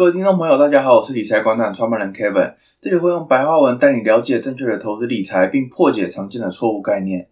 各位聽眾朋友，大家好，我是理財廣場創辦人 Kevin，這裡會用白話文帶你了解正確的投資理財，並破解常見的錯誤概念。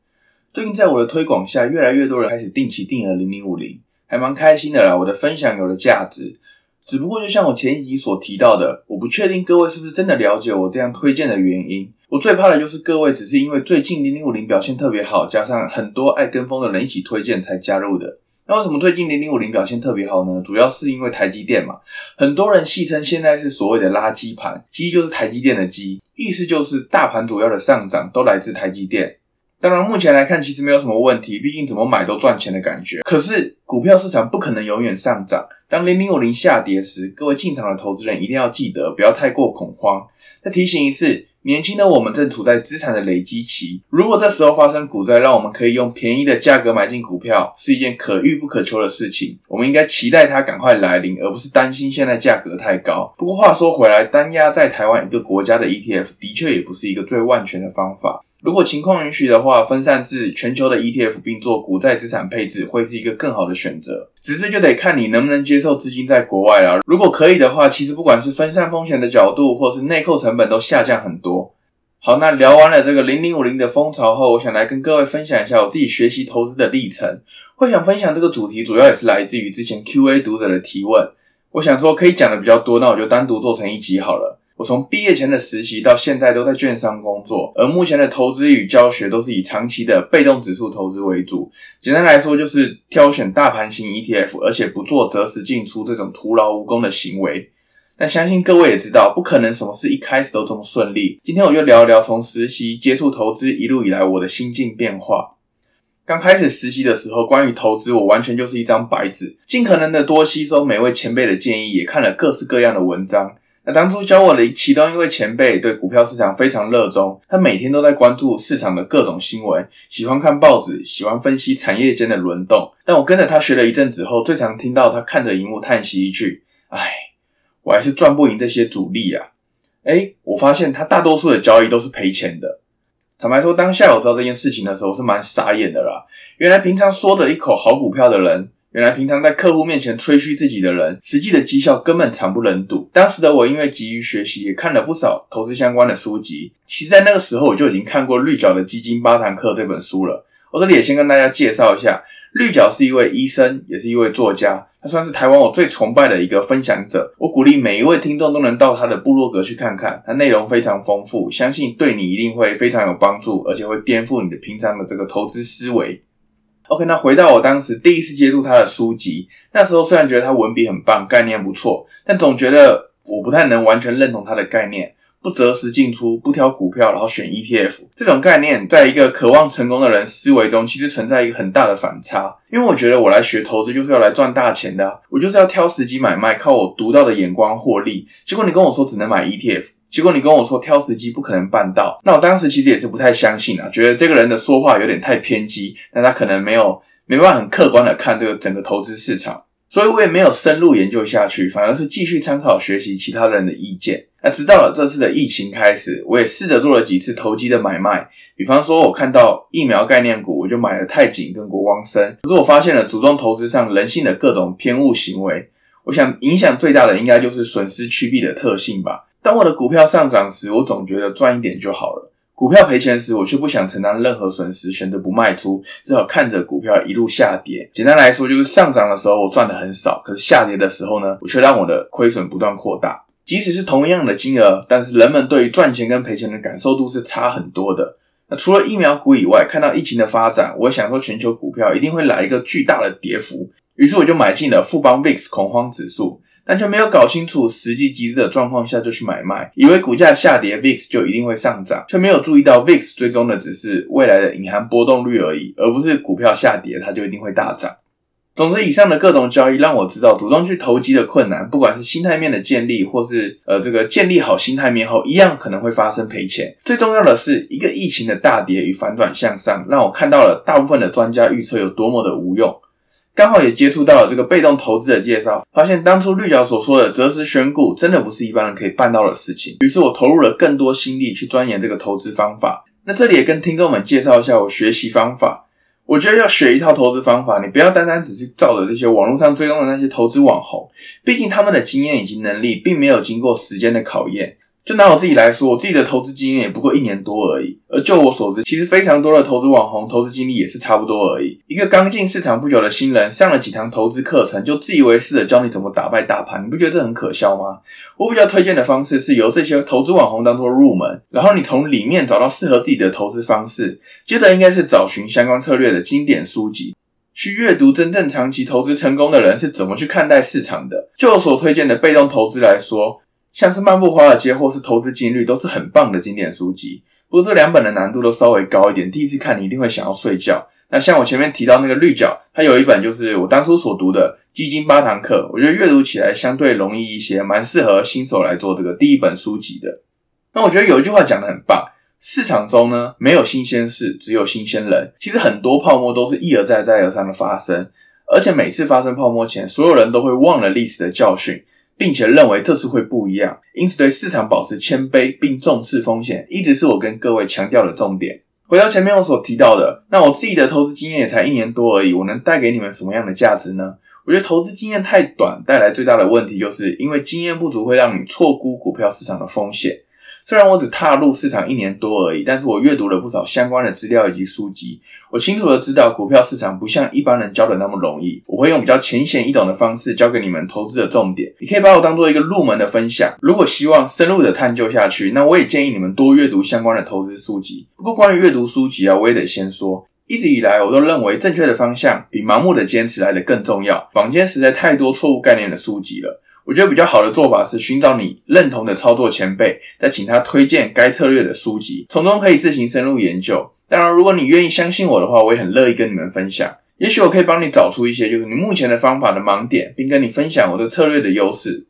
最近在我的推廣下，越來越多人開始定期定額零零五零，還蠻開心的啦。我的分享有了價值。只不過，就像我前一集所提到的，我不確定各位是不是真的了解我這樣推薦的原因。我最怕的就是各位只是因為最近零零五零表現特別好，加上很多愛跟風的人一起推薦才加入的。那為什麼最近零零五零表現特別好呢？主要是因為台積電嘛，很多人戲稱現在是所謂的“垃圾盤”，“積”就是台積電的“積”，意思就是大盤主要的上漲都來自台積電。當然，目前來看其實沒有什麼問題，畢竟怎麼買都賺錢的感覺。可是，股票市場不可能永遠上漲。當零零五零下跌時，各位進場的投資人一定要記得不要太過恐慌。再提醒一次。年輕的我們正處在資產的累積期，如果這時候發生股災，讓我們可以用便宜的價格買進股票，是一件可遇不可求的事情。我們應該期待它趕快來臨，而不是擔心現在價格太高。不過話說回來，單壓在台灣一個國家的 ETF，的確也不是一個最萬全的方法。如果情況允許的話，分散至全球的 ETF 並做股債資產配置，會是一個更好的選擇。只是就得看你能不能接受資金在國外了。如果可以的話，其實不管是分散風險的角度，或是內扣成本都下降很多。好，那聊完了這個0050的風潮後，我想來跟各位分享一下我自己學習投資的歷程。會想分享這個主題，主要也是來自於之前 QA 讀者的提問。我想說可以講的比較多，那我就單獨做成一集好了。我從畢業前的實習到現在都在券商工作，而目前的投資與教學都是以長期的被動指數投資為主。簡單來說，就是挑選大盤型 ETF，而且不做擇時進出這種徒勞無功的行為。但相信各位也知道，不可能什麼事一開始都這麼順利。今天我就聊一聊從實習接觸投資一路以來我的心境變化。剛開始實習的時候，關於投資我完全就是一張白紙，盡可能的多吸收每位前輩的建議，也看了各式各樣的文章。當初教我的其中一位前輩對股票市場非常熱衷，他每天都在關注市場的各種新聞，喜歡看報紙，喜歡分析產業間的輪動。但我跟着他學了一陣子後，最常聽到他看着螢幕嘆息一句：“哎，我還是賺不贏這些主力啊！”哎、欸，我發現他大多數的交易都是賠錢的。坦白說，當下我知道這件事情的時候是蠻傻眼的啦。原來平常說着一口好股票的人。原來平常在客戶面前吹噓自己的人，實際的績效根本慘不忍睹。當時的我因為急於學習，也看了不少投資相關的書籍。其實，在那個時候，我就已經看過《綠角的基金八堂課》這本書了。我這裡也先跟大家介紹一下，綠角是一位醫生，也是一位作家，他算是台灣我最崇拜的一個分享者。我鼓勵每一位聽眾都能到他的部落格去看看，他內容非常豐富，相信對你一定會非常有幫助，而且會顛覆你的平常的這個投資思維。OK，那回到我當時第一次接觸他的書籍，那時候雖然覺得他文筆很棒，概念不錯，但總覺得我不太能完全認同他的概念。不擇時進出，不挑股票，然後選 ETF。這種概念，在一個渴望成功的人思維中，其實存在一個很大的反差。因為我覺得我來學投資就是要來賺大錢的啊，我就是要挑時機買賣，靠我獨到的眼光獲利。結果你跟我說只能買 ETF，結果你跟我說挑時機不可能辦到。那我當時其實也是不太相信啊，覺得這個人的說話有點太偏激，但他可能沒有，沒辦法很客觀的看這個整個投資市場，所以我也沒有深入研究下去，反而是繼續參考學習其他人的意見。那直到了這次的疫情開始，我也試着做了幾次投機的買賣。比方說，我看到疫苗概念股，我就買了泰緊，跟國光生。可是，我發現了主動投資上人性的各種偏誤行為。我想，影響最大的應該就是損失趨避的特性吧。當我的股票上漲時，我總覺得賺一點就好了；股票賠錢時，我卻不想承擔任何損失，選擇不賣出，只好看着股票一路下跌。簡單來說，就是上漲的時候我賺的很少，可是下跌的時候呢，我卻讓我的虧損不斷擴大。即使是同樣的金額，但是人們對於賺錢跟賠錢的感受度是差很多的。那除了疫苗股以外，看到疫情的發展，我也想說全球股票一定會來一個巨大的跌幅。於是我就買進了富邦 VIX 恐慌指數，但卻沒有搞清楚實際機制的狀況下就去買賣，以為股價下跌 VIX 就一定會上漲，卻沒有注意到 VIX 追蹤的只是未來的隱含波動率而已，而不是股票下跌它就一定會大漲。總之，以上的各種交易讓我知道主動去投機的困難，不管是心態面的建立，或是呃這個建立好心態面後，一樣可能會發生賠錢。最重要的是，一個疫情的大跌與反轉向上，讓我看到了大部分的專家預測有多麼的無用。剛好也接觸到了這個被動投資的介紹，發現當初綠角所說的擇時選股，真的不是一般人可以辦到的事情。於是我投入了更多心力去鑽研這個投資方法。那這裡也跟聽眾們介紹一下我學習方法。我覺得要學一套投資方法，你不要單單只是照着這些網絡上追蹤的那些投資網紅，畢竟他們的經驗以及能力並沒有經過時間的考驗。就拿我自己來說，我自己的投資經驗也不過一年多而已。而就我所知，其實非常多的投資網紅投資經歷也是差不多而已。一個剛進市場不久的新人，上了幾堂投資課程，就自以為是的教你怎麼打敗大盤，你不覺得這很可笑嗎？我比較推薦的方式是由這些投資網紅當作入門，然後你從裡面找到適合自己的投資方式。接着應該是找尋相關策略的經典書籍，去閱讀真正長期投資成功的人是怎麼去看待市場的。就我所推薦的被動投資來說。像是《漫步華爾街》或是《投資金律》，都是很棒的經典書籍。不過這兩本的難度都稍微高一點，第一次看你一定會想要睡覺。那像我前面提到那個綠角，它有一本就是我當初所讀的《基金八堂課》，我覺得閱讀起來相對容易一些，蠻適合新手來做這個第一本書籍的。那我覺得有一句話講得很棒：市場中呢，沒有新鮮事，只有新鮮人。其實很多泡沫都是一而再、再而三的發生，而且每次發生泡沫前，所有人都會忘了歷史的教訓。並且認為這次會不一樣，因此對市場保持謙卑並重視風險，一直是我跟各位強調的重點。回到前面我所提到的，那我自己的投資經驗也才一年多而已，我能帶給你們什麼樣的價值呢？我覺得投資經驗太短，帶來最大的問題就是因為經驗不足，會讓你錯估股票市場的風險。雖然我只踏入市場一年多而已，但是我閱讀了不少相關的資料以及書籍，我清楚地知道股票市場不像一般人教的那麼容易。我會用比較淺顯易懂的方式教給你們投資的重點，你可以把我當做一個入門的分享。如果希望深入地探究下去，那我也建議你們多閱讀相關的投資書籍。不過關於閱讀書籍啊，我也得先說，一直以來我都認為正確的方向比盲目的堅持來得更重要。坊間實在太多錯誤概念的書籍了。我覺得比較好的做法是尋找你認同的操作前輩，再請他推薦該策略的書籍，從中可以自行深入研究。當然，如果你願意相信我的話，我也很樂意跟你們分享。也許我可以幫你找出一些就是你目前的方法的盲點，並跟你分享我的策略的優勢。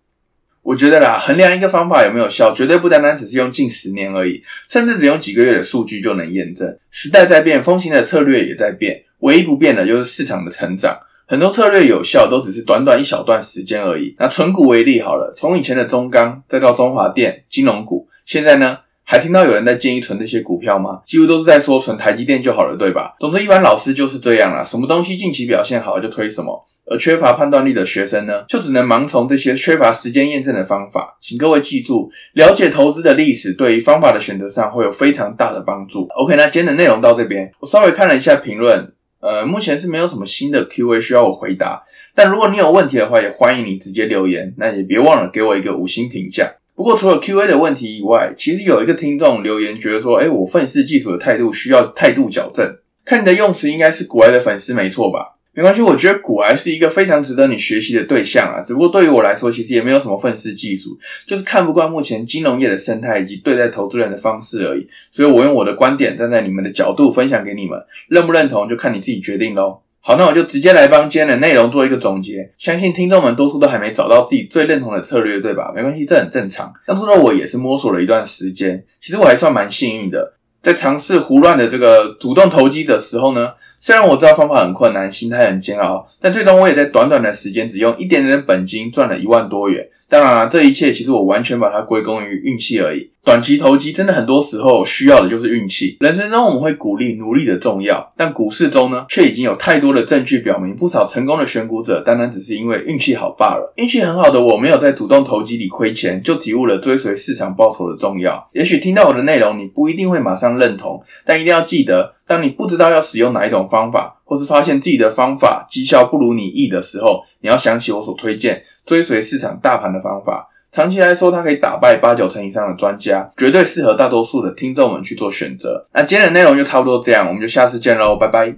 我覺得啦，衡量一個方法有沒有效，絕對不單單只是用近十年而已，甚至只用幾個月的數據就能驗證。時代在變，風行的策略也在變，唯一不變的就是市場的成長。很多策略有效，都只是短短一小段時間而已。拿存股為例好了，從以前的中鋼，再到中華電、金融股，現在呢，還聽到有人在建議存這些股票嗎？幾乎都是在說存台積電就好了，對吧？總之，一般老師就是這樣啦。什麼東西近期表現好就推什麼，而缺乏判斷力的學生呢，就只能盲從這些缺乏時間驗證的方法。請各位記住，了解投資的歷史，對於方法的選擇上會有非常大的幫助。OK，那今天的內容到這邊，我稍微看了一下評論。呃，目前是沒有什麼新的 Q&A 需要我回答，但如果你有問題的話，也歡迎你直接留言，那也別忘了給我一個五星評價。不過除了 Q&A 的問題以外，其實有一個聽眾留言覺得說，哎、欸，我憤世嫉俗的態度需要態度矯正，看你的用詞應該是國外的粉絲沒錯吧？沒關係，我覺得股癌是一個非常值得你學習的對象啊。只不過對於我來說，其實也沒有什麼憤世嫉俗，就是看不慣目前金融業的生態以及對待投資人的方式而已。所以，我用我的觀點站在你們的角度分享給你們，認不認同就看你自己決定嘍。好，那我就直接來幫今天的內容做一個總結。相信聽眾們多數都還沒找到自己最認同的策略，對吧？沒關係，這很正常。當初的我也是摸索了一段時間，其實我還算蠻幸運的，在嘗試胡亂的這個主動投機的時候呢。雖然我知道方法很困難，心態很煎熬，但最終我也在短短的時間只用一點點本金賺了一萬多元。當然了啊，這一切其實我完全把它歸功於運氣而已。短期投機真的很多時候需要的就是運氣。人生中我們會鼓勵努力的重要，但股市中呢，卻已經有太多的證據表明，不少成功的選股者單單只是因為運氣好罷了。運氣很好的我沒有在主動投機裡虧錢，就體悟了追隨市場報酬的重要。也許聽到我的內容，你不一定會馬上認同，但一定要記得，當你不知道要使用哪一種方法，或是發現自己的方法績效不如你意的時候，你要想起我所推薦追隨市場大盤的方法。長期來說，它可以打敗八九成以上的專家，絕對適合大多數的聽眾們去做選擇。那今天的內容就差不多這樣，我們就下次見嘍，拜拜。